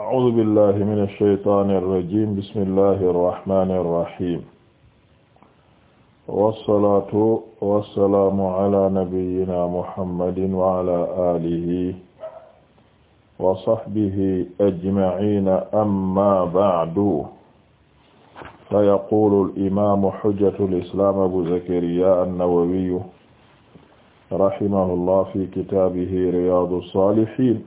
أعوذ بالله من الشيطان الرجيم بسم الله الرحمن الرحيم والصلاة والسلام على نبينا محمد وعلى آله وصحبه أجمعين أما بعد فيقول الإمام حجة الإسلام أبو زكريا النووي رحمه الله في كتابه رياض الصالحين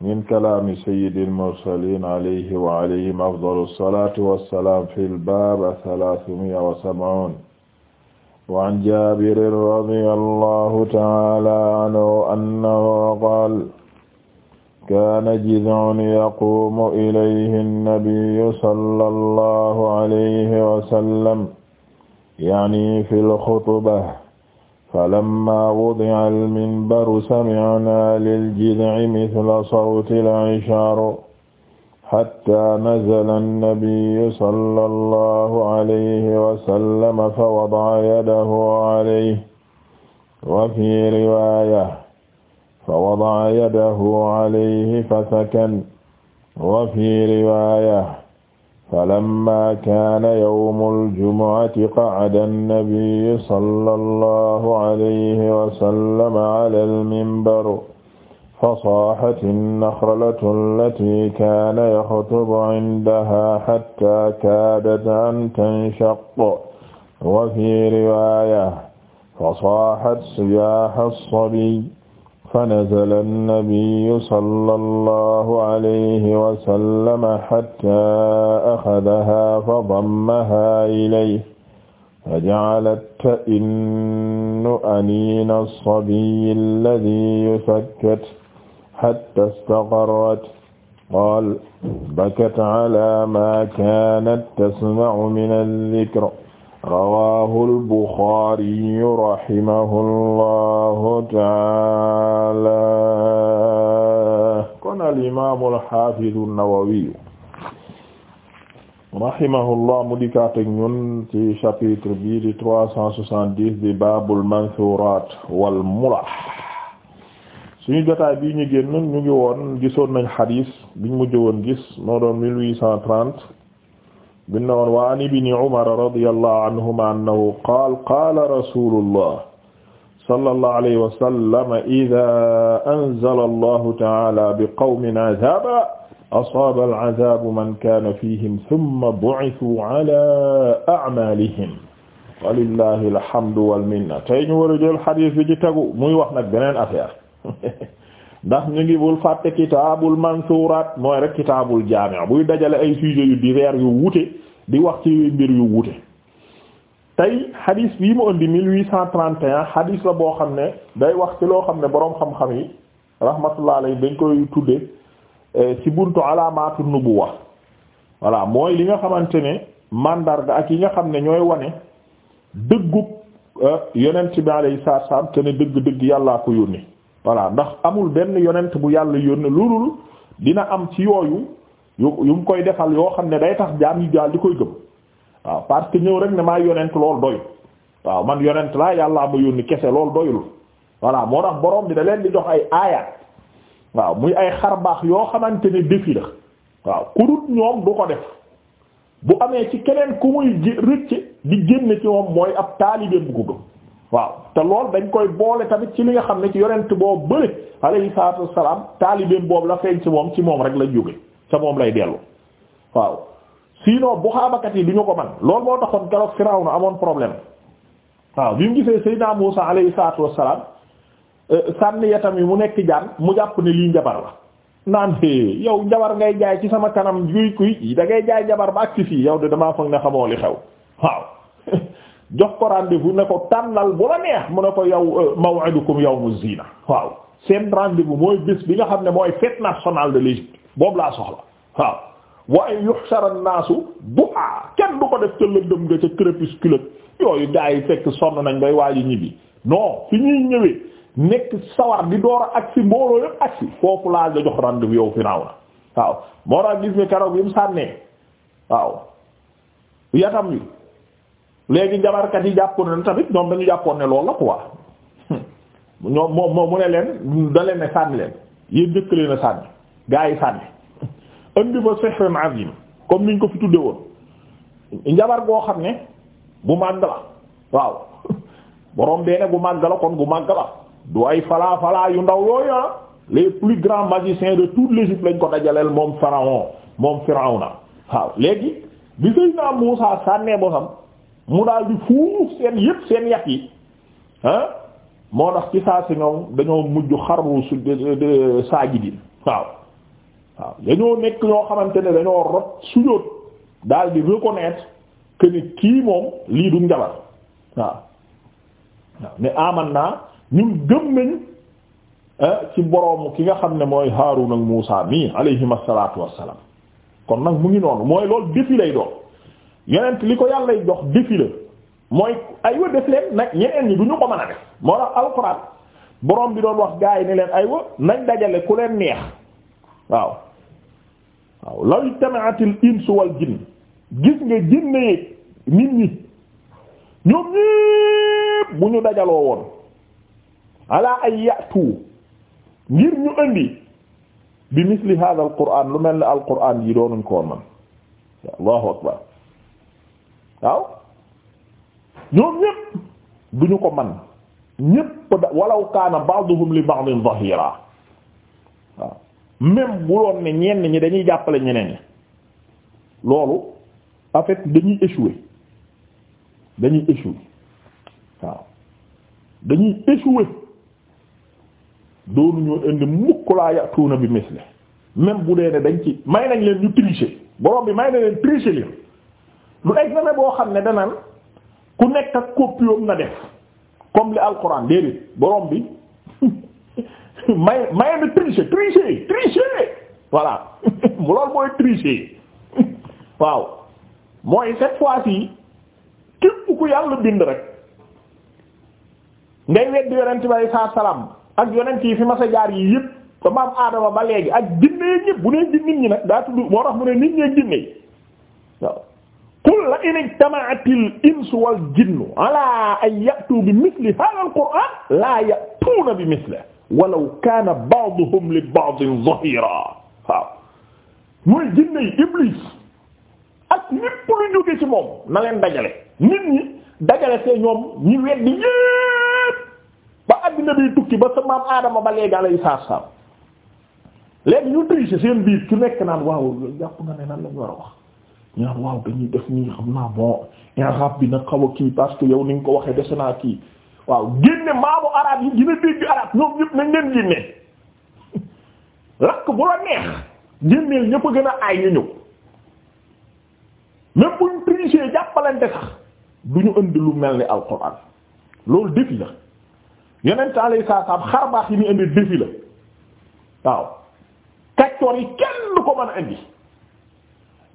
min kalaami sayyidil mursaliin alayhi wa alayhim afdalu salaatu wa salaam fil baab salaasumi'a wa sab'uun. wa an jaabirin radiyallaahu ta'aalaa anhu annahu qaala kaana jiz'un yaquumu ilayhi an-nabiyyu sallallaahu alayhi wa sallam ya'nii fil xutba falammaa wudi'a al-minbaru sami'naa liljid'i mithla sawti al-'ishaari hattaa nazala an-nabiyyu sallallahu alayhi wa sallam fa wada'a yadahu 'alayhi wa fii riwaayatin fa wada'a yadahu 'alayhi fa sakana wa fii riwaayatin فلما كان يوم الجمعة قعد النبي صلى الله عليه وسلم على المنبر فصاحت النخلة التي كان يخطب عندها حتى كادت أن تنشق وفي رواية فصاحت صياح الصبي fanazala annabiyu sala allahu alayhi wasallama xatta axadaha fa dammaha ilayhi fa jacalat ta'innu aniina alsabiyi alladi yusakkat xatta istaqarrat qaal bakat cala maa kaanat tasmacu min aldikr rawaahu al-Buxaari rahimahullahu taala kon al-imaamu al-xaafidu an-Nawawi rahimahullah mu dikkaat ak ñun ci chapitre bi di trois cent soixante-dix di baabul manthuuraat wal mulah suñu jotaay bii ñu génn ñu ngi woon gisoon nañ xadiis biñ mujj woon gis bin na woon wa an ibni umar radiyallahu anhuma annahu qaal qaala rasulullah sallallahu alayhi wa sallam idaa anzala allahu ta'ala bi qawmin azaaban asaaba al-azaabu man kaana fiihim thumma bu'ithuu alaa a'maalihim walillahi alhamdu wal minna tey ñu war a jël xadiis bi ci tegu muy wax nag beneen affaire ndax ñu ngi bul fàtte kitaabul mansuuraat mooy rek kitaabul jaami' buy dajale ay sujets yu divers yu wute di wax ci mbir yu wute tey hadis bii mu indi 1831 hadis la boo xam ne day wax ci loo xam ne boroom xam-xam yi rahmatullah alayhi dañ koy tudde eh, ci buntu alaamaatu wax voilà mooy li nga xamante ne mandarga ak yi nga xam ne ñooy wane dëggub eh, yonent bi alayhi salaam te ne dëgg-dëgg yàllaa ko yónni voilà ndax amul benn yonent bu yàlla yónne loolul dina am ci yooyu yu yu mu koy defal yoo xam ne day tax jaam yi daal di koy gëm waaw parce que ñëw rek ne maa yonent lool doy waaw man yonent laa yàllaa ma yónni kese lool doyul voilà moo tax boroom bi da leen di jox ay aayaat waaw muy ay xarbaax yoo xamante ne défi la waaw ku ñoom du ko def bu amee ci keneen ku muy rëcc di génn ci moom mooy ab taalibe bu ko gëm waaw te lool dañ koy boole tamit ci li nga xam ne ci yonent boobu bëri alayhi salaatu wassalaam taalibeem boobu la feeñ ci moom ci moom rek la jóge ca moom lay dellu waaw sinon bu xaabakat yi du ko man loolu moo taxoon keroog Firawna amoon problème waaw bi mu gisee Seydina Muusa alayhi salaatu wassalaam euh, sànni yatam yi mu nekk jaan mu jàpp ne lii njabar la naan hee yow njabar ngay jaay ci sama kanam guy kuy da ngay jaay njabar ba ak ci fii yow de damaa foog ne jox ko rendez-vous ne ko tànnal bu la neex mu ne ko yow euh, maw'idukum yawmu waaw seen rendez-vous mooy bés bi nga xam ne mooy fête nationale de l'Égypte boobu laa soxla waaw waaye yuhshara an ko def ca lëndëm nga ca crépuscule yooyu nañ bay waaji ñibbi non fi ñuy ñëwee nekk sawar laa la yow finaaw na moo tax gis nga keroog yi mu sànnee waaw yatam wi léegi njabarkat yi jàppoon ne tamit ñoom dañu jàppoon ne loolu la quoi hmm. ñoom moom moom mu ne leen dalee leen ne sànni leen yéen njëkk leen a sànni gaa yi sànni indi fa sihrun azim comme niñ ko fi tudde woon njabar goo xam ne bu màgg la waaw boroom bee ne gu màgg la kon bu màgg la du ay falaa falaa yu ndaw yooyu ah. les plus grands magiciens de le l'Égypte lañ ko dajaleel moom pharaon moom Firawna waaw léegi bi Seydina Muusaa sànnee bosam mu daal di fuuf seen yëpp seen yàq yi ah moo tax ci saa si ñoom dañoo mujj xarru su saajidiin waaw waaw dañoo nekk ñoo xamante ne dañoo rot sujóot daal di reconnaître que kii moom lii du njabar waaw waaw ne aman naa ñun gëm nañ ah, ci boroomu ki nga xam ne mooy Haarun ak Muusaa mii alayhim asalaatu wassalaam kon nag mu ngi noonu mooy loolu défi lay doon yonent li ko yàlla jox défi la mooy aywa def leen nag ñeneen ñi du ñu ko mën a def moo tax alxuraan borom bi doon wax gaa yi ne leen ay aywa nañ dajale ku leen neex waaw waaw law ijtama'atil insu wal jinn gis nga jinne yi nit ñi ñoom ñépp ñu dajaloo woon ala ay yatu ngir ñu indi mel ne al qur'an ko woon waaw ñoom ñépp duñu ko man ñépp walaw kaana ba'duhum li ba'din zahira waaw même bu doon ne ñenn ñi dañuy jàppale ñeneen ñi loolu en dañuy échouer dañuy échouer waaw dañuy échouer doonu ñoo indi mukk laa yatuuna bi misle même bu dee ne dañ ci may nañ leen ñu tricher borom bi may na leen tricher leen du examen boo xam ne danaan ku nekk ak copie na def comme li alquran déedéet borom bi may maye na tricher tricher tricher voilà loolu mooy tricher waaw mooy cette fois-ci képp ku yàlla bind rek ngay weddi yonent bi alay saa salaam ak yonent yi fi ma sa jaar yi yëpp ba maam aadama ba léegi ak jinne ñëpp bu nee nit ñi nag daa tudd moo tax mu ne nit ñee jinne waaw qul la in ijtama'atil insu wal jinnu ala an ya'tu bi misli hadha al-qur'an la ya'tuna bi mislihi walaw kana ba'duhum li ba'din zahira waaw mooy jinne yi iblis ak ñépp lu jóge ci moom na leen dajale nit ñi dajale see ñoom ñi weddi yépp ba àddina bi tukki ba sa maam aadama ba léegi alayhi salaam léegi ñu tricher seen biir ci nekk naan waaw jàpp nga ne nan lañu war a wax ñu waaw dañuy def nii xam naa bon irab bi nag xaw a kii parce que yow ni ñu ko waxee dese naa kii waaw génne maamu arab yi dina dégg arab ñoom ñëpp nañ leen ñëpp a gën a aay ñu ñëw même jàppalante sax du ñu indi lu mel ni alquran loolu défi la yeneen alay saa saam xarbaax yi ñu indi défi la waaw kaccoor yi kenn du ko mën a indi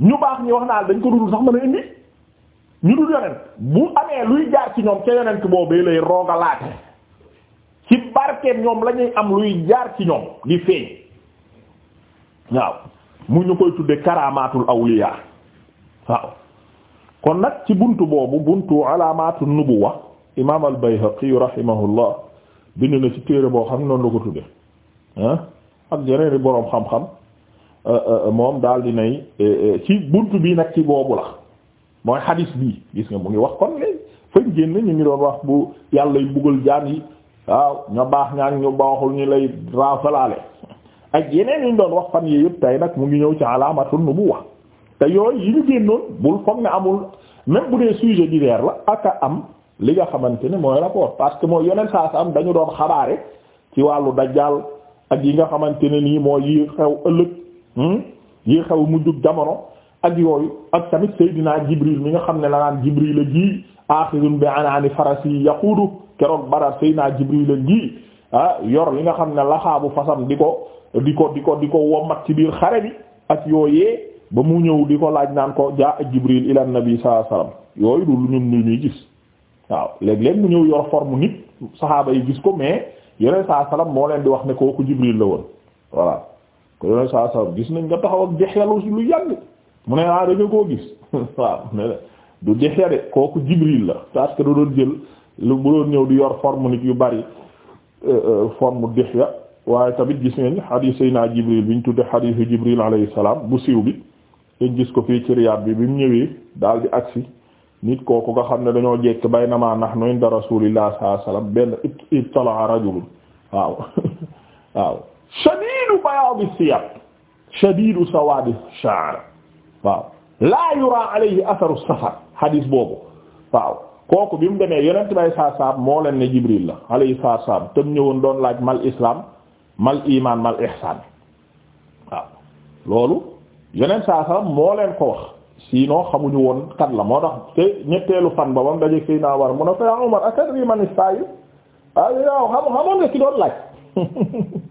ñu baax ñi wax naa dañ ko dudul sax mën a indi ñu dul yonent bu amee luy jaar ci ñoom ca yonent boobee lay roogalaate ci barkeem ñoom la am luy jaar ci ñoom di feeñ waaw mu ñu koy tudde karamatul awliya waaw kon nag ci bunt boobu buntu alaamatu nubuwa wax al bayhaqi rahimahullah bind na ci téere boo xam noonu la ko tudde ah ak yeneen boroom xam-xam Euh, euh, moom daal di nay euh, ci bunt bi nag ci boobu la mooy xadis bi gis nga mu ngi wax kon léegi fañ génn ñu ngi doon wax bu yàlla yu buggal jaan yi waaw ña baax ñaag ñu baaxul ñu lay raafalaale ak yeneen yi doon wax fan yi yëpp tey nag mu ngi ñëw ci bu nubuwa te yooyu yi ñu génnoon bul foog ne amul même bu dee sujet divers la aka am li nga xamante ne mooy rapport parce que mooy yeneen saa sa am dañu doon xabaare ci wàllu dajjaal ak yi nga xamante ne nii mooy yi xew ëllëg yi xew mu jub jamono ak yooyu ak tamit Seydina Jibril mi nga xam ne la naan Jibril a ji axirun bi anaani farasi yaquudu keroog Badar Seydina Jibril a ji ah yor li nga xam ne laxaabu fasam di ko di ko di ko di ko mat ci biir xare bi ak yooyee ba mu ñëw di ko laaj naan ko jaa Jibril ila nabi sallallahu alayhi wasallam yooyu du ñun ñu ñuy gis waaw léeg-léeg mu ñëw yor forme nit saxaaba yi gis ko mais yeneen saa salaam moo leen di wax ne kooku Jibril la woon voilà. ko yoneen saa saa gis nañ nga taxaw ak Dihya lu yàgg mu ne ah da nga koo gis waaw ne du Dihya de kooku Jibril la parce que da doon jël lu bu doon ñëw di yor forme nit yu bari euh, euh, forme Dihya waaye tabit gis ngeen xadiis Seydina Jibril bi ñu tudde xadiisu Jibril alayhi salaam bu siiw bi dañ gis ko fii ci Riyaad bi bi mu ñëwee daal di agsi nit kooku nga xam ne dañoo jekk bay namaa nahnu inda Rasuulillah sallallahu alayhi wasallam benn it it talaa rajulun waaw waaw. shadiidu bayaadi siyab shadiidu sawaadi sha'r waaw laa yuraa alayhi atharu safar hadis boobu waaw kooku bi mu demee yonent bay saa moo leen ne Jibril la alayhi saa saab te mu ñëwoon doon laaj mal islaam mal iman mal ihsan waaw loolu yonent saa moo leen ko wax sinon xamuñu woon kan la moo tax te ñetteelu fan ba ba mu dajeeg fii naa war mun a fa yaa Umar atadri man as-sa'il ah yow xam xamoon nga ki doon laaj.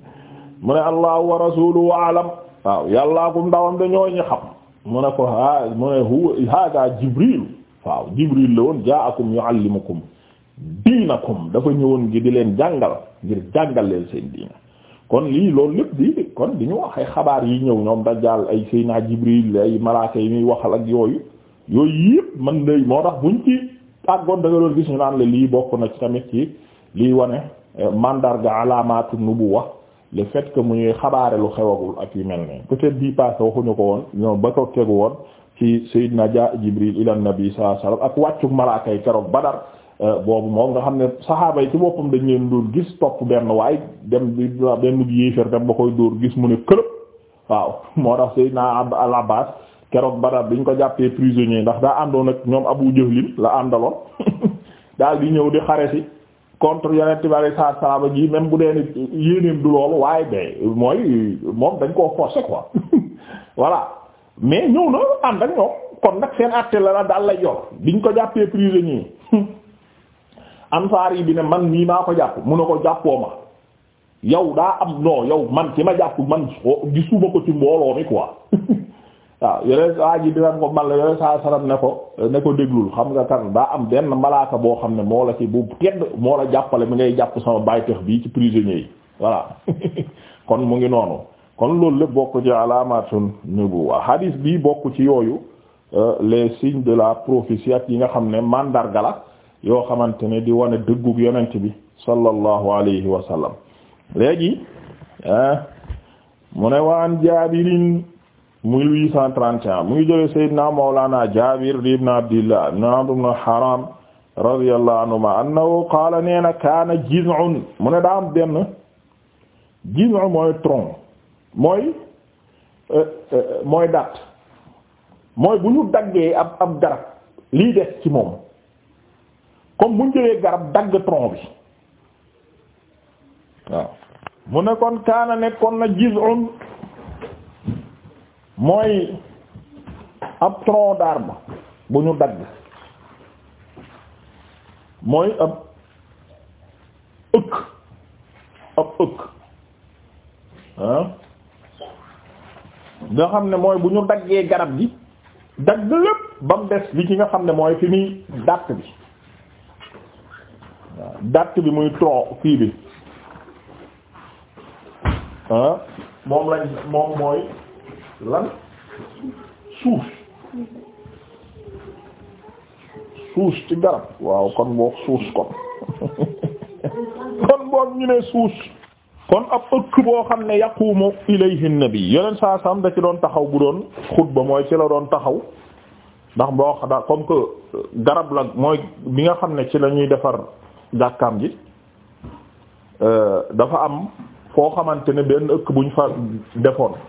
mu ne allahu wa rasuluhu alam waaw yàllaa ko ndawam da ñooñu xam mu ne ko ha mu ne huwa hada jibril waaw jibril la woon jaakum yuallimukum diinakum dafa ñëwoon ngi di leen jàngal ngir jàngal leen seen diina kon lii loolu lépp di kon di ñu wax xabaar yi ñëw ñoom dajaal ay seyna jibril ay malaaka yi ñuy waxal ak yooyu yooyu yëpp man day moo tax buñ ci tàggoon da nga doon gis ñu naan la lii bokk na ci tamit ci lii wane eh, mandarga alaamaatu nubuwa le fait que mu ñuy xabaare lu xewagul ak yu mel ne peut-être bii passé waxuñu ko woon ñoom ba ko tegu woon ci Seydina Dia Jibril ila nabi sallallahu alayhi wasallam ak wàccug malaaka yi keroog Badar euh, boobu moom nga xam ne saxaaba yi ci boppam dañ leen dóor gis topp benn waaye dem di benn yéefér dem ba koy dóor gis mu ne këlëb waaw moo tax Seydina al Abbas keroog Badar biñ ko jàppee prisonnier ndax daa àndoon ak ñoom Abu Jahlin la àndaloon daal di ñëw di contre yonent bi alayhi jii wa bu dee ni yéeneem du loolu waaye de mooy moom dañ koo forcer quoi voilà mais ñëw na ànd ak ñoom kon nag seen àtte la la daal lay yor biñ ko jàppee prisonnier ansaar yi bi ne man nii maa ko jàpp mu ne ko jàppoo ma yow daa am non yow man ki ma jàpp man oh, gisuma ko ci mbooloo mi quoi. waaw yore ko saa saram ne ko ne ko déglul xam nga kan daa am benn malaaka boo xam ne moo la ci bu tedd moo la jàppale mi ngay jàpp sama baytex bii ci prisonnier yi voilà kon mu ngi noonu kon loolu la bokk ci alaamatun nubuwa hadis bii bokk ci yooyu euh, les signes de la prophétie ak yi nga xam ne mandarga la yoo xamante ne di wane dëggug yonent bi sallallahu alayhi wa sallam léegi mu ne waan jaabirin 1831 mu ngi jëlee Seydina Mawlana Jaabir ibn Abdillah ibn Amr ibn Haram radiyallahu anhuma annahu qaala kaana jiz'un mu ne daa benn jiz'un mooy tronc mooy euh, euh, mooy date mooy bu ñu daggee ab ab garab lii des ci moom comme bu ñu garab dagg tronc bi waaw mu ne kon kaana nekkoon na jiz'un mooy ab tronc d'arbre bu ñu dagg mooy ab ëkk ab ëkk nga xam ne mooy bu ñu daggee garab gi dagg lépp ba mu des li ci nga xam ne mooy fi muy dàtt bi waaw dàtt bi muy tronc fii bi ah moom lañ moom mooy lan suuf ci garab waaw kon boog suuf kon kon boog ñu ne suuf kon ab ëkk boo xam ne yaqumu ilayhi nabi yeneen saa sam da ci doon taxaw bu doon xutba mooy ci la doon taxaw ndax boo xam comme que euh, garab la mooy bi nga xam ne ci lañuy defar jàkkaam ji euh, dafa am foo xamante ne benn ëkk buñ fa defoon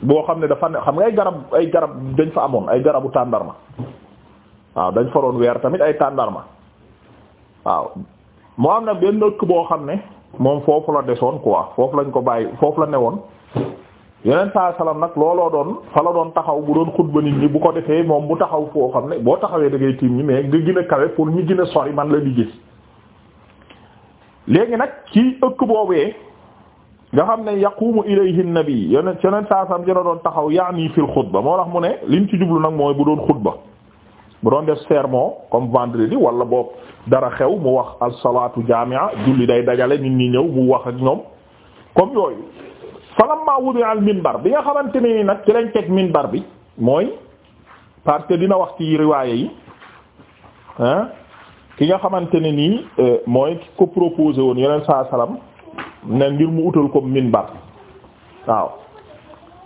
boo xam ne dafa ne xam nga ay garab ay garab dañ fa amoon ay garabu tàndarma waaw dañ fa doon weer tamit ay tàndarma waaw moo am na benn ëkk boo xam ne moom foofu la desoon quoi foofu lañ ko bàyyi foofu la newoon yeneen saa salaam nag looloo doon fa la doon taxaw bu doon xutba nit ñi bu ko defee moom bu taxaw foo xam ne boo taxawee da ngay tiim ñi mais nga gën a kawe pour ñi gën a sori man la di gis léegi nag ci ëkk boobee nga xam ne yaqumu ilayhi nabi yonent yonent saa sam ci la doon taxaw yaani fil xutba moo tax mu ne liñ ci jublu nag mooy bu doon xutba bu doon def sermon comme vendredi wala boobu dara xew mu wax as-salaatu jaami'a julli day dajale nit ñi ñëw mu wax ak ñoom comme yooyu falamma wudi'a al-minbar bi nga xamante ne ni nag ci lañ teg minbar bi mooy parce que dina wax ci riwaaya yi ki nga xamante ne nii euh, mooy ki ko woon yeneen saa ne ngir mu utal ko minbar waaw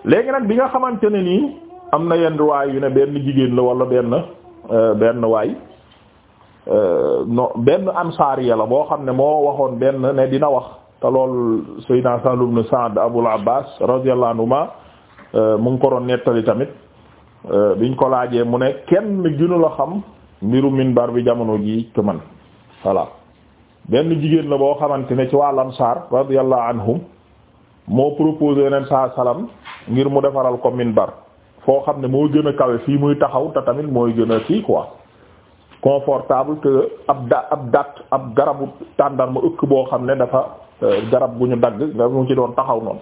léegi nag bi nga xamante ne nii am na yenn waay yu ne benn jigéen la wala benn euh, benn waay euh, no benn ansaariya la boo xam ne moo waxoon benn ne dina wax te lool Seydina Sahl ibn Sa'd Abul Abbas radiyallahu anhuma euh, mu ngi ko doon nettali tamit biñ ko laajee mu ne kenn gënu la xam mbiru minbar bi jamono jii que man voilà benn jigéen la boo xamante ne ci waa Ansaar radiyallahu anhum moo proposé yeneen saa salaam ngir mu defaral commune minbar foo xam ne moo gën a kawe fii muy taxaw te tamit mooy gën a kii quoi confortable que ab da ab dat ab garabu tàndarma ëkk boo xam ne dafa euh, garab gu ñu dagg nga mu ci doon taxaw noonu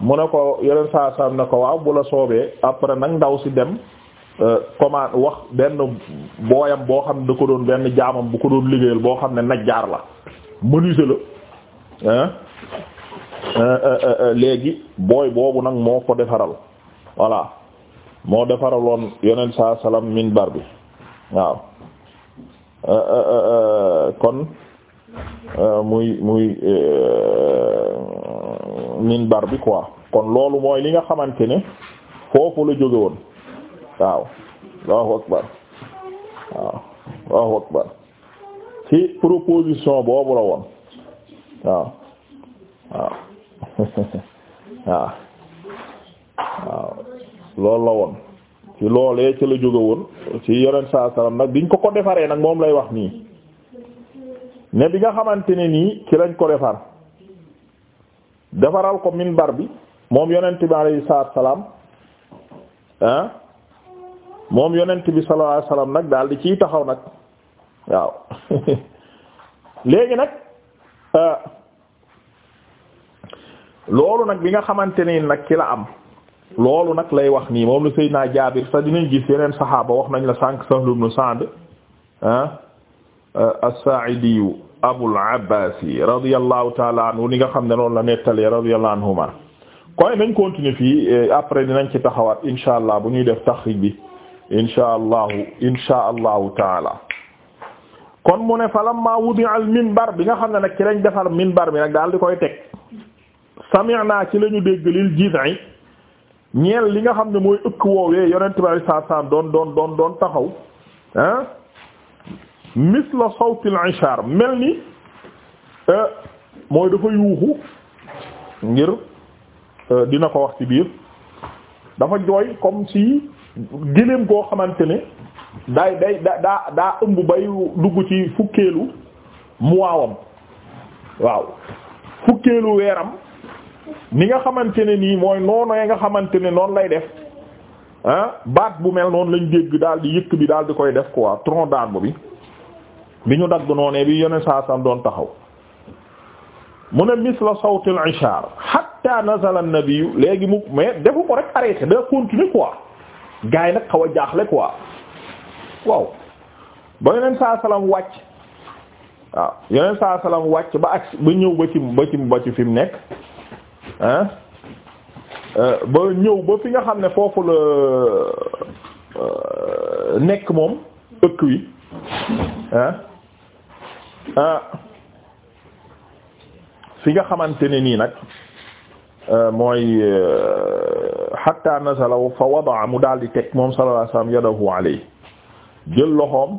mu ne ko yeneen saa salaam ne ko waaw bu la soobee après nag ndaw si dem. Euh, comment wax benn booyam boo xam ne da ko doon benn jaamam bu ko doon liggéeyal boo xam ne najjaar la menuisier la euh, euh, léegi booy boobu nag moo ko defaral voilà moo defaraloon yonent saa salaam bar bi waaw kon muy muy bar bi quoi kon loolu mooy li nga xamante ne foofu la jóge woon waaw Allahu akbar waaw boobu la woon waaw loolu la woon ci loolee ci la jóge woon ci yonent saa salaam nag biñ ko ko defaree nag moom lay wax nii ne bi nga xamante ne nii ci lañ ko defar defaral ko minbar bi moom yonent bi alayhi salaam ah moom yonent bi sallallahu alayhi wasallam nag daal di ciy taxaw nag waaw léegi nag euh, loolu nag bi nga xamante ne nag ci la am loolu nag lay wax nii moom la Seydina Jaabir sax dinañ gis yeneen saxaaba wax nañ la sànq Sahl ibn Sa'd ah euh, as-Saa'idiyu Abul Abbaas radiyallahu ta'ala anhu ni nga xam ne noonu la nettalee radiyallahu anhuma koy nañ continuer fii après dinañ ci taxawaat insha allah bu ñuy def taxrij bi insha allahu insha allahu taala kon mu ne falamma wudi al minbar bi nga xam ne nag ci lañ defar minbar bi nag daal di koy teg sami'na ci la ñu dégg lil jiz'i ñeel li nga xam ne mooy ëkk woowee yonent bi sallallahu alayhi doon doon doon doon taxaw ah misla sawt al ishar mel ni euh, mooy dafa yuuxu ngir euh, dina ko wax ci biir dafa jooy comme si gëléem koo xamante ne day day daa daa ëmb bay dugg ci fukkeelu muwaawam waaw fukkeelu weeram ni nga xamante ne nii mooy noonu nga xamante ne noonu lay def ah baat bu mel noonu lañ dégg daal di yëkk bi daal di koy def quoi tronc d'arbre bi bi ñu dagg noonee bi yone saasam doon taxaw mu ne misla sawtil ishar hatta nazala an-nabi léegi mu mais defu ko rek arrêté da continuer quoi gars yi nag xaw a jaaxle quoi waaw ba yeneen saa salaam wàcc waaw yeneen saa salaam wàcc ba ak ba ñëw ba ci ba ci ba ci fi mu nekk ah ba ñëw ba fi nga xam ne foofu la euh, nekk moom ëkk wi ah fi nga xamante ne nii nag euh, mooy hatta nazala fa wadaa mu daal di teg moom sallallahu alayhi wasallam yadahu alayhi jël loxoom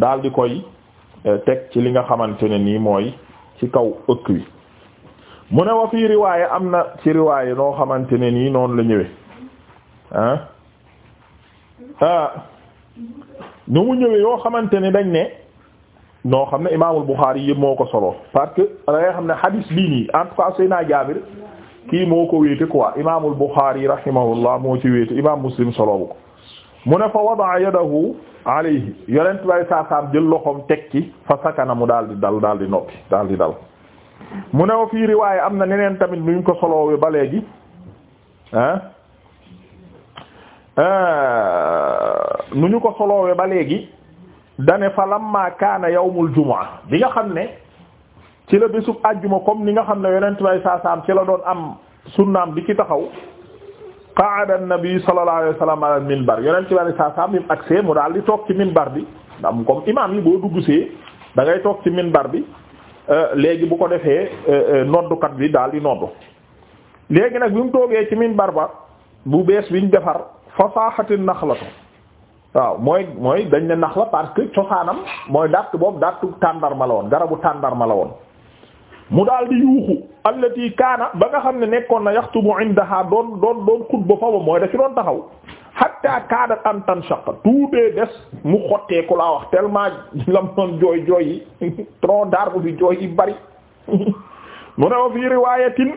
daal di koy eh, teg ci li nga xamante ne nii mooy ci kaw ëkk wi mu ne wa fii riwaaye am na ci riwaaye noo xamante ne nii noonu la ñëwee ah ah nu mu ñëwee yoo xamante ni dañ ne noo xam ne imaamul Buxaari yëpp moo ko solo parce que da xam ne hadis bii nii en tout cas Seydina Jaabir kii moo ko wéete quoi imaamul Buxaari rahimahullah moo ci wéete imaam Muslim solowu ko mu ne fa wadaa yadahu alayhi yonent bay saasaam jël loxoom teg ci fa sakana mu daal di dal daal di noppi daal di dal mu ne wa fii riwaaya am na neneen tamit nuñ ko soloowe ba léegi euh, nu ñu ko soloowe ba léegi dane fa lamma kaana yawmul jumaa bi nga xam ne ci la bésub àjjuma comme ni nga xam ne yonent bay saasaam ci la doon am sunnaam bi ci taxaw qaada an-nabi sallallahu alayhi wa sallam ala minbar yonent bay saasaam bi mu agsee mu daal di toog ci minbar bi ndam comme imaam yi boo dugg see da ngay toog ci min minbar bi euh, léegi bu ko defee euh, euh, noddukat bi daal di noddu léegi nag bi mu toogee ci minbar ba bu bees bi ñu defar fasaaxatin naxlatu waaw mooy mooy dañ nax la parce que cosaanam mooy dàtt boobu dàttu tàndarma la woon garabu tàndarma la woon mu daal di yuuxu allati kaana ba nga xam ne nekkoon na yaxtubu indaha doon doon doon xutba fa ba mooy da ci doon taxaw hatta kaadat an tanshaq tuutee des mu xotteeku la wax tellement lam jooy jooy yi tronc d'arbre bi jooy yi bari mu ne wa fii riwayatin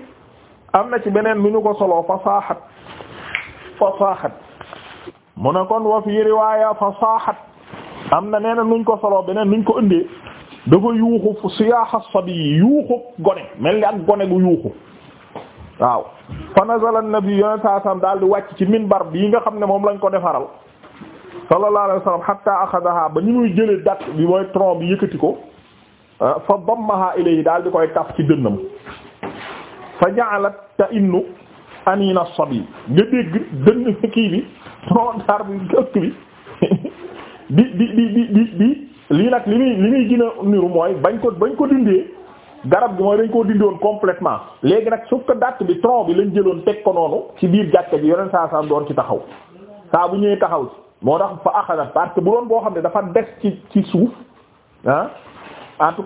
am na ci beneen lu ñu ko soloo fasaaxat fasaaxat mu ne koon wa fii riwaya fasaaxat am na nee na nuñ ko soloo beneen nuñ ko indee dafa yuuxu siyaaxa sabi yuuxu gone mel ni ak gone gu yuuxu waaw fa nazala nabi yoneen saa sallam daal di wàcc ci min minbar bi nga xam ne moom lañ ko defaral sallallahu alayhi wa sallam ba ni muy jëlee dat bi mooy tronc bi yëkkati ko ah, fa dammaha ilayhi daal di koy taf ci dënnam fa ja'alat ta'innu anina sabi nga dégg dënn kii bi tronc d'arbre bi ëkk bi di di di di lii nag li muy li muy gën a niru mooy bañ ko bañ ko dindee garab gi mooy dañ koo dindi woon léegi nag suuf que date bi tronc bi lañ jëloon teg ko noonu ci biir jàkka ji yeneen saa saa doon ci taxaw saa bu ñëwee taxaw ci moo tax fa axadat parce que bu doon boo xam ne dafa des ci ci suuf ah en tout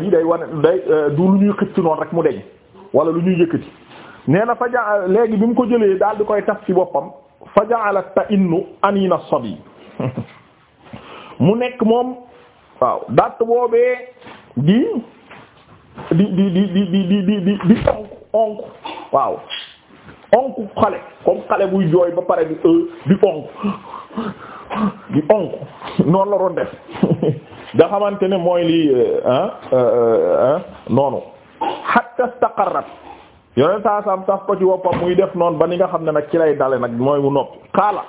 bi day wane day euh, du lu ñuy xëcc noonu rek mu deñ wala lu ñuy yëkkati nee na fa ja léegi bi mu ko jëlee daal di koy taf ci boppam fa ja'ala ta'innu anina sabi mu nekk waaw date boobee di di di di di di di di di onk onk waaw onk xale comme xale buy jooy ba pare di di onk di onk noonu la doon def nga xamante ne mooy lii noonu hatta istaqarrat yoneen saa sam sax ko ci woppam muy def noonu ba ni nga xam ne nag ci lay dale nag mooy mu noppi xaala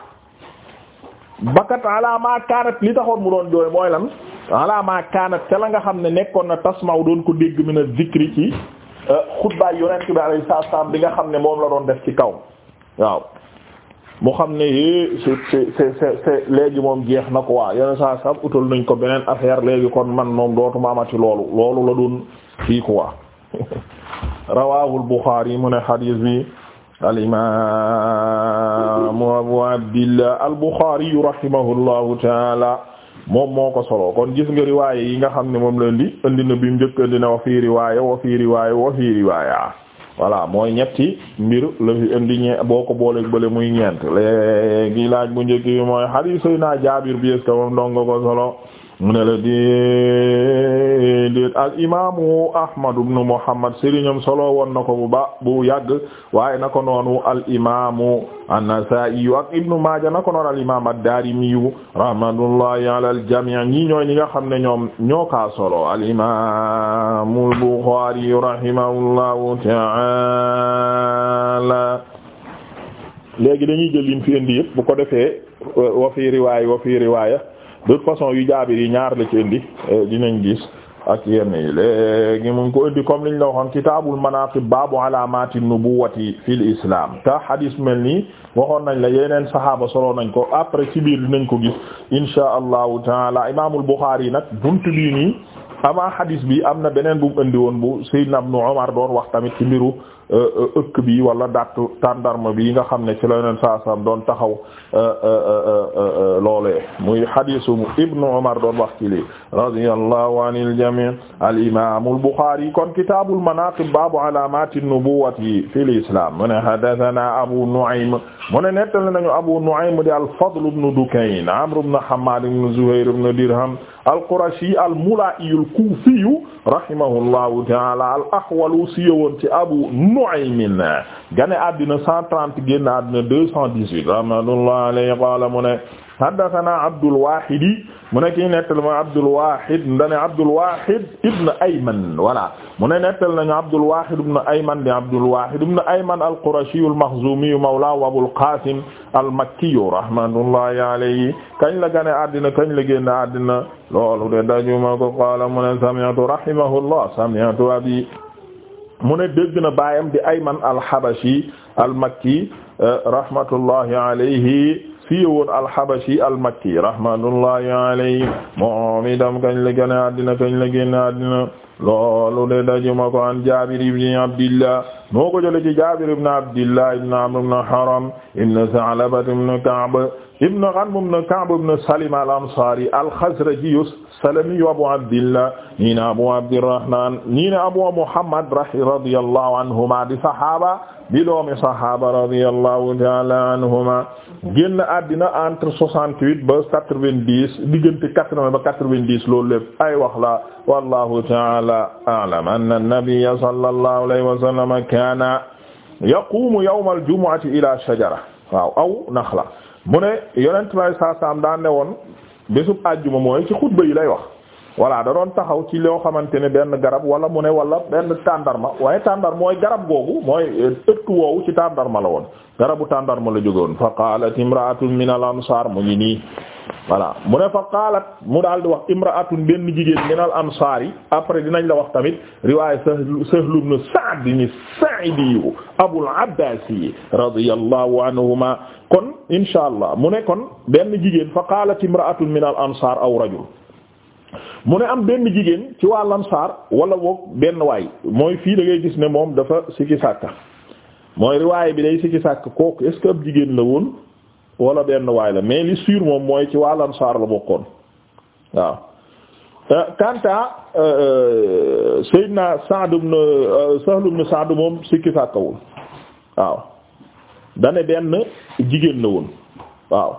bakat ala ma karat li taxoon mu doon jooy mooy lan ala ma kaanat te la nga xam ne nekkoon na tasmaw doon ko dégg min a zikri ci euh, xutbaay yonent bi alayhi salaatu salaam bi nga xam ne moom la doon def ci kaw waaw mu xam ne eh, c'est c'est c'est léegi moom jeex na ko waa yonent saa saam utal nañ ko beneen affaire léegi kon man moom dootuma amati loolu loolu la doon fii quoi rawaahul Buxaari mu ne xadiis bi al imaamu Abu Abdillah al Buxaari rahimahullahu taala moom moo ko solo kon gis nga riwaaya yi nga xam ne moom la indi indi na bi mu njëkk indi na wa fii riwaaya wa fii riwaaya wa voilà mooy ñetti mbir la indi ñe boo ko booleeg bële muy ñeent léegi laaj bu njëkk bi mooy hadiis Seydina Jaabir bi est-ce que moom dong ko solo mu ne la déedéet al imaamu Ahmad ibn Muhammad sëriñam solo woon na ko bu ba bu yàgg waaye na ko noonu al imaamu An-Nasaa'i ak Ibnu Maaja na ko noonu al imaam ad-Daarimi rahmatullahi ala al jamii ñii ñooy ñi nga xam ne ñoom ñoo ka solo al imaamu al-Buxaari rahimahullahu ta'ala léegi dañuy jël lim fi indi bu ko defee wa fi riwaaya wa fi riwaaya de toute façon yu jaabir yi ñaar la ci indi eh, dinañ gis ak yenn yi léegi mu ko indi comme liñ la waxoon kitaabul manaqib baabu alaamati nubuwati fil islam te hadis mel nii waxoon nañ la yeneen saxaaba solo nañ ko après ci biir dinañ ko gis insha allahu taala imaamul buxaari nag buntu bii nii avant hadis bi am na beneen bu mu indi woon bu sayyidna ibnu umar doon wax tamit ci mbiru Euh, euh, ëkk bi wala dattu tàndarma bi nga xam ne ci la yeneen saa saam doon taxaw euh, loolee muy hadisu ibnu Umar doon wax ci lii radiyallahu anil jami' al imam al Bukhari kon kitabul manaqib babu alamati nubuwati fil islam mu ne hadathana Abu Nu'aym mu ne nettali nañu Abu Nu'aym di al Fadl ibn Dukayn Amr ibn Hammad ibn Zuhair ibn Dirham al-Qurashi al-Mula'i al-Kufi rahimahullahu ta'ala al-Ahwal siiwoon ci Abu Nu'aym gane àddina 130 génn àddina 218 rahmatullahi alayhi qala mu ne haddathana Abdul Wahid mu ne kii nettal mooy Abdul Wahid ndane Abdul Wahid ibn Ayman voilà mu ne nettal nañu Abdul Wahid ibn Ayman di Abdul Wahid ibn Ayman al-Qurashi al-Makhzumi mawla Abul Qasim al-Makki rahmatullahi alayhi kañ la gane àddina kañ la génn àddina loolu de dañu ma ko qaala mu ne sami'tu rahimahullah sami'tu abi mu ne dégg na baayam di Ayman al-Habashi al-Makki rahmatullahi alayhi fii woon al-Habashi al-Makki rahmatullahi alayhi moom itam kañ la gën a addina kañ la génn addina loolu de dajuma ko an Jaabir ibn Abdillah moo ko jëlee ci Jaabir ibn Abdillah ibn Amr ibn Haram ibn Sa'laba ibn Ka'b ibn Ghanm ibn Ka'b ibn Salima al-Ansari al-Khazraji as-Salami Abu Abdillah ñii ne Abu Abdirrahman ñii ne Abu Muhammad radiyallahu anhuma di saxaaba di doomi saxaaba radiyallahu ta'ala anhuma génn àddina entre soixante-huit ba quatre-vingt-dix diggante quatre-vingt ba quatre-vingt-dix loolu lépp ay wax la wallahu ta'ala a'lam anna an-nabiyya sallallahu alayhi wa sallam kana yaqumu yawma al-jumu'ati ila shajara waaw aw naxla mu ne yonent bi saa saam daa ne woon bésub àjjuma mooy ci xutba yi lay wax voilà da doon taxaw ci loo xamante ne benn garab wala mu ne wala benn tàndarma waaye tàndar mooy garab googu mooy ëtt woowu ci tàndarma la woon garabu tàndarma la jógoon fa qaalat imra'atun min al ansar mu ngi nii voilà mu ne fa qaalat mu daal di wax imraatun benn jigéen minal ansaar yi après dinañ la wax tamit riwaaya Sahl ibn Sa'd as-Saa'idi Abul Abbaas radiyallahu anhuma kon inshaa Allah mu ne kon benn jigéen fa qaalat imraatun minal ansaar aw rajul mu ne am benn jigéen ci waa lansaar wala boog benn waay mooy fii da ngay gis ne moom dafa sikki sàkka mooy riwaaya bi day sikki sàkk kooku est-ce que ab jigéen la woon wala benn waay la mais li sûr moom mooy ci waa lansaar la bokkoon waaw kanta euh, euh, euh, Seydina Sa'd ibn Sahl ibn Sa'd moom sikki sàkkawul waaw dane benn jigéen la woon waaw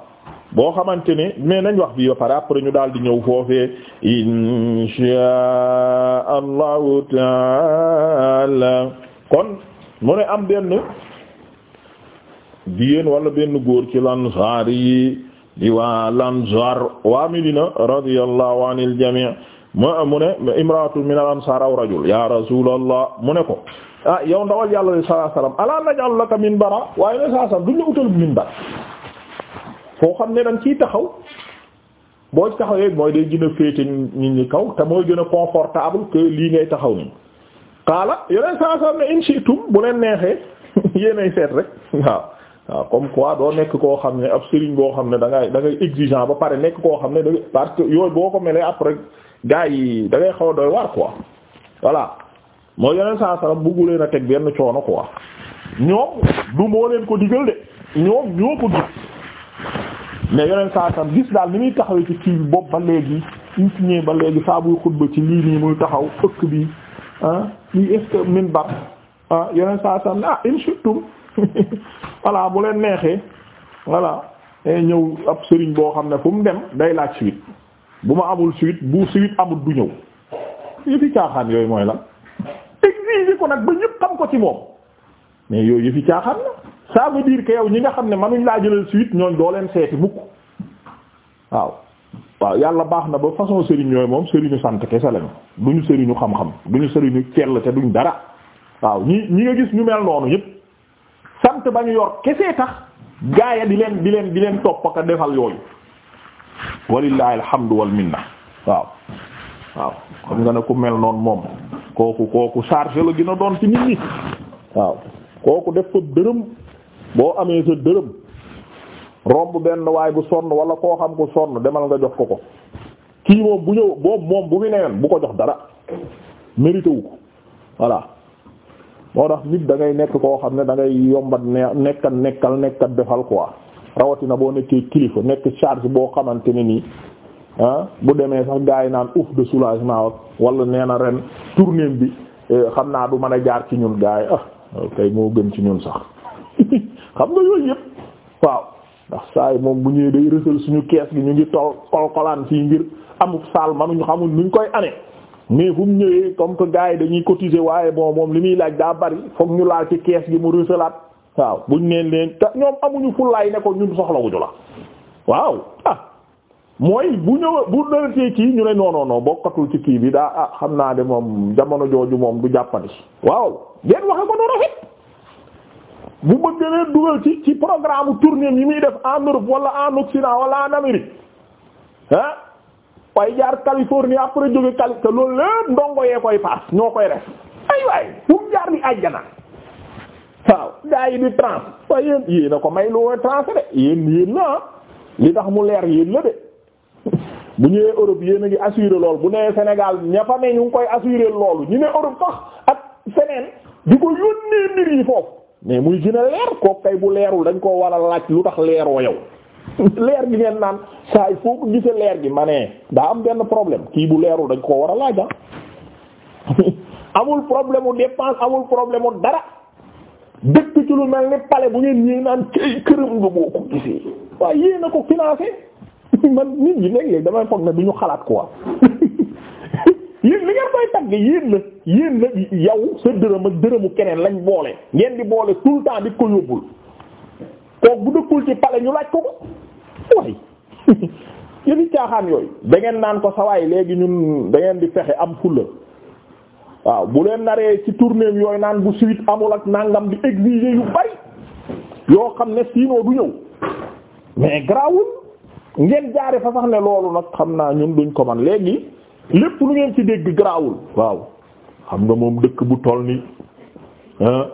boo xamante ni mais nañ wax bii ba pare après ñu daal di ñëw foofee insha allahu taala kon mu ne am benn jigéen wala benn góor ci lansaar yi di waa lansaar waa Medina radiyallahu anil jami' mu ne imra'atun min al ansaar aw rajul ya rasulallah mu ne ko ah yow ndawal yàlla sallallahu alayhi wasallam ala naj'al laka minbara waaye ne saa duñ la utal minbar foo xam ne dañ ciy taxaw boo taxaw taxawee mooy day gën a féete nit ñi kaw te mooy gën a confortable que lii ngay taxaw nii xaala yeneen saa saa ne in shi'tum bu leen neexee yéenay seet waaw comme quoi doo nekk koo xam ne ab sëriñ boo xam ne dangay ngay da ba pare nekk koo xam ne da parce que yooyu boo ko melee après gars yi da ngay xaw a doy waar quoi voilà mooy yeneen saa sara buggu leen a teg benn coono quoi ñoom du moo leen ko digal de ñoom ñoo mais yeneen saa sara daal ni muy taxawee ci kii bi bopp ba léegi insigne ba léegi saa buy xutba ci lii nii muy taxaw ëkk bi ah lii est-ce voilà bu leen neexee voilà day eh, ñëw ab sëriñ boo xam ne fu mu dem day laaj suite bu ma amul suite bu suite amul du ñëw yëfi caaxaan yooyu mooy la exiger ko nag ba ñëpp xam ko ci moom mais yooyu yëfi caaxaan la ça veut dire que yow ñi nga xam ne manuñ laa jëlal suite ñooñ doo leen seeti mukk waaw waaw yàlla baax na ba façon sëriñ yooyu moom sëriñu sant kese lañu duñu sëriñu xam-xam duñu sëriñu kell te duñ dara waaw ñi ñi nga gis ñu mel noonu yëpp sant ba ñu yor kese tax gaaya di di leen di leen topp ak defal yooyu walillahi alhamdu wal waaw waaw xam nga ne ku mel noonu moom kooku kooku chargé la gën doon ci nit ñi waaw kooku def ko dërëm boo amee sa dërëm romb benn waay bu sonn wala koo xam ko sonn demal nga jox ko ko kii moom bu ñëw boobu moom bu fi newen bu ko jox dara mérité ko voilà moo tax nit dangay nekk koo xam ne da ngay yombat nekkat nekkal nekkat defal quoi rawatina boo nekkee kilifa nekk charge boo xamante ne nii ah bu demee sax gars naan ouf de soulagement wala nee na ren tournée bi eh, xam naa du mën a jaar ci ñun gars ah kay moo gën ci ñun sax xam nga yooyu yëpp waaw ndax saa yi moom bu ñëwee day rësal suñu kees gi ñu ngi tol kolkolaan fii ngir amul saal manuñu xamul nuñ koy amee mais fu mu ñëwee comme que gars yi dañuy cotiser waaye bon moom li muy laaj daa bari fokk ñu laal ci kees gi mu rusalaat waaw buñ neen leen te ñoom amuñu fullaay ne ko ñun soxlawuñu la waaw ah mooy bu ñëw bu dëratee kii ñu ne non bokkatul ci kii bi daa ah xam naa de moom jamono jooju moom du jàppandi waaw ngeen waxe ko no rafet bu bëgg leen dugal ci ci programme tournée yi muy def en Europe wala en Occident wala en Amérique ah waaye jaar Californie après jóge Cali te loolu lépp ndongo yee koy paas ñoo koy def ay waay fu mu jaar ni àjjana waaw gaa yi di trans waaye yéen yéen a ko may lu wooy trans de yéen yéen na ah. li tax mu leer yéen la de bu ñëwee Europe yéen a ngi assuré lool bu nee Sénégal ña fa ne ñu ngi koy assuré loolu ñu ne Europe sax ak feneen di ko yónnee mbir yi foofu mais muy gën leer kooku kay bu leerul dañ koo war laaj lu tax leeroo yow leer gi ngeen naan saa yi foo ko gisee leer gi ma ne daa am benn problème kii bu leerul dañ koo war a laaja ah. amul problème mu amul problème mu dara dëkk ci lu mel ni palais bu ngeen ñëwee naan këy këram nga boo ko gisee waaye yéen a ko financé man nit ñi léeg-léeg damay foog na du ñu xalaat quoi yéen li ngeen koy tagg yéen la yéen la yow sa dërëm ak dërëmu keneen lañ boole ngeen di boole tout le temps di ko yóbbul. kooku bu dëkkul ci pale ñu laaj ko ko waaye yëfi caaxaan yooyu da ngeen naan ko sawaay léegi ñun da di fexe am fulla waaw bu leen naree ci tournée yooyu naan bu suite amul ak nangam di exiger yu bari yoo xam ne sinon du ñëw mais garaawul ngeen jaare fa sax ne loolu nag xam naa ñun duñ ko man léegi lépp lu ngeen ci dégg garaawul waaw xam nga moom dëkk bu toll ni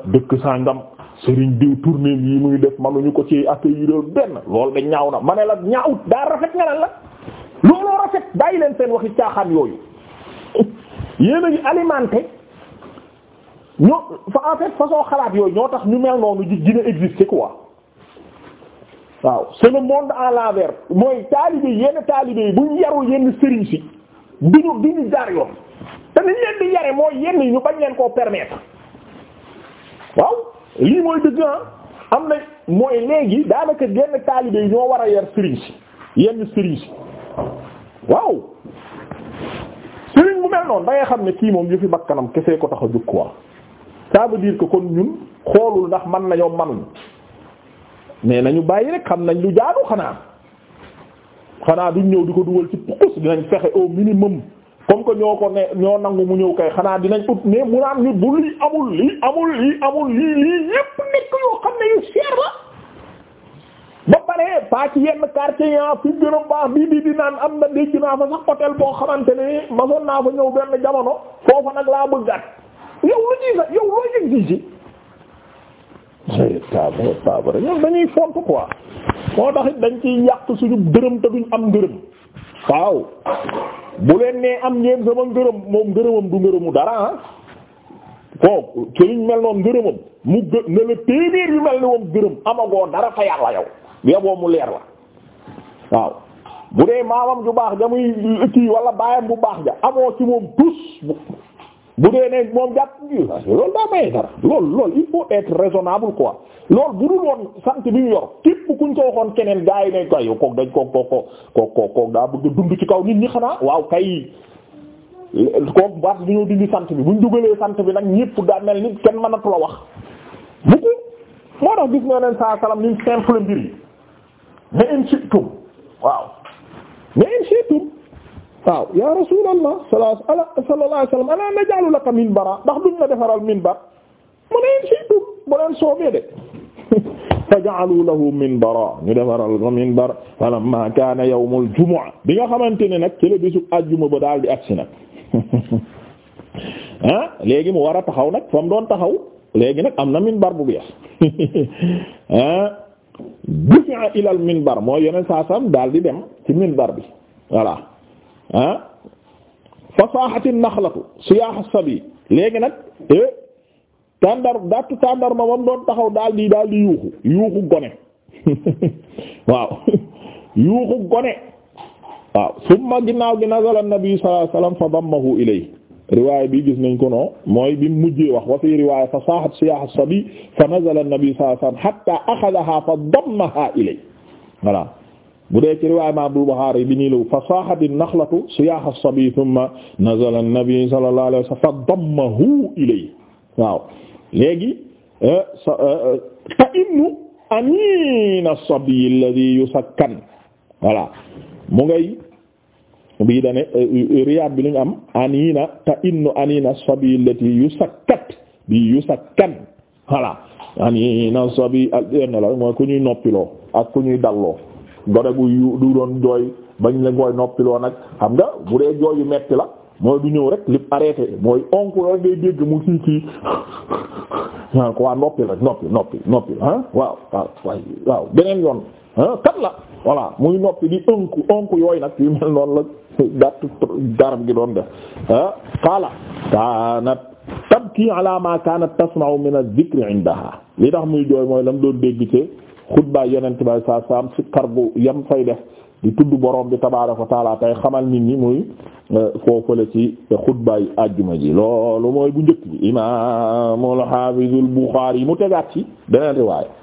dëkk sàngam sëriñ diw tournée yi muy def manuñu ko ci accueillir benn loolu da ñaaw na ma ne la ñaawut daa rafet nga ne la looloo rafet bàyyi leen seen waxi caaxaan yooyu yéen a ngi alimenté ñoo fa en façon xalaat yooyu ñoo tax ñu mel noonu ji dina exister quoi waaw c'est le monde à l'envers mooy taalibe yenn taalibe yi buñ yarul yenn sëriñ si duñu duñu jaar yoon te niñ leen di yare mooy yenn ñu bañ leen koo permettre waaw lii mooy dëgg ah. am na mooy léegi daanaka genn taalibe yi ñoo war a yar sëriñ si yenn sëriñ si waaw sëriñ bu mel noonu da xam ne kii moom yëfi bakkanam kese ko tax a jóg quoi ça veut ko que kon ñun xoolul ndax man nañoo manuñu mais nañu bàyyi rek xam nañ lu jaadu xanaa xanaa duñ ñëw di ko dugal ci pukkus dinañ fexe au minimum. comme que ñoo ko ne ñoo nangu mu ñëw kay xanaa dinañ ut mais mu naan ñu bu lii amul lii amul lii amul lii lii yépp nekk yoo xam ne yu cher la ba pare pas ci yenn quartier ya ah fi gën a baax bii di di naan am na dégg naa fa sax hôtel boo xamante ne masoon naa fa ñëw benn jamono foofa nag laa bëggaat yow lu ñuy sax yow loo exigé tabara tabara ñoom dañuy font quoi moo taxit dañ ciy yàq suñu dërëm te duñ am ngërëm waaw bu leen nee am ngeen sama ngërëm moom ngërëmam du ngërëmu dara ah kooku ci mel noonu ngërëmam mu gë ne la téeméer bi mel ni moom ngërëm amagoo dara fa yàlla yow yoboo mu leer la waaw bu dee maamam ju baax ja muy kii wala baayam bu baax ja amoo ci moom tus bu dee ne moom jàpp loolu daa maye dara loolu loolu il faut être raisonnable quoi loolu bu dul woon sant bi ñu yor képp kuñ ko waxoon keneen gaa ne ko yow kook dañ kook kook kook kook kook daa bëgg dund ci kaw nit ñi xanaa waaw kay kook baax dañoo dindi sant bi buñ dugalee sant bi nag ñépp daa mel ni kenn mënatu la wax bu ko moo tax gis nga neen saa salaam ni simple mbir yi ne in tum waaw waaw ya rasulallah sallallahu alayhi wa sallam ala naj'alu laka minbara ndax duñ la defaral minbar mu neen siitu bu leen soobee de fa ja'alu lahu minbara ñu defaral ko minbar falamma kaana yawmul jumu'a bi nga xamante ne nag ci la bisu àjjuma ba daal di agsi nag ah léegi mu war a taxaw nag fa mu doon taxaw léegi nag am na minbar bu bees ah dufi'a ilal minbar mooy yeneen saa sam daal di dem ci minbar bi voilà ah fasaaxati naxlatu siyaaxa sabi léegi nag eh tàndar dattu tàndar ma bam doon taxaw daal di daal di yuuxu yuuxu gone waaw yuuxu gone waaw summa ginnaaw gi nazala annabi sallallahu alayhi wasallam fa dammahu ilay riwaay bi gis nañ ko noonu mooy bi mujjee wax wa fi riwaaya fa saaxat siyaax sabi fa nazala annabi sallallahu alayhi wasallam hatta axadaha fa dammaha ilay voilà bu dee ci riwaaya imaam Abul Buxaari bi nii la fa saaxati naxlatu siyaaha as-sabi thumma nazala an-nabi sallallahu alayhi wa sallam fa dammahu ilayhi waaw léegi ta eh, eh, innu amiin mu ngay bii dane eh, bi lu am aniina ta innu aniina as-sabi allati yusakkat bi yusakkan voilà aniina as-sabi al ku ñuy noppiloo ak ku ñuy dalloo gone bu yu du doon jooy bañ la koy noppiloo nag xam nga bu dee jooy yu metti la mooy du ñëw rek lépp arrêté mooy onk loolu ngay dégg mu kii kii ñaan ko waa noppi la noppi noppi noppi ah waaw waaw waay waaw beneen yoon ah kat la voilà muy noppi di onk onk yooyu nag yu mel noonu la gàtt garab gi doon def ah kaala kaanat tabki ala ma kaanat tasma'u min adh-dhikri indaha li tax muy jooy mooy lam doon dégg ci xutbaay yonent ba sallallahu alayhi wasallam ci karbu yam fay def di tudd boroom bi tabaaraka wa taala tay xamal nit ñi muy euh, foofale ci xutbaay ajjuma ji loolu mooy bu njëkk bi imaamul xaafizul Buxaari mu tegaat ci beneen riwaaya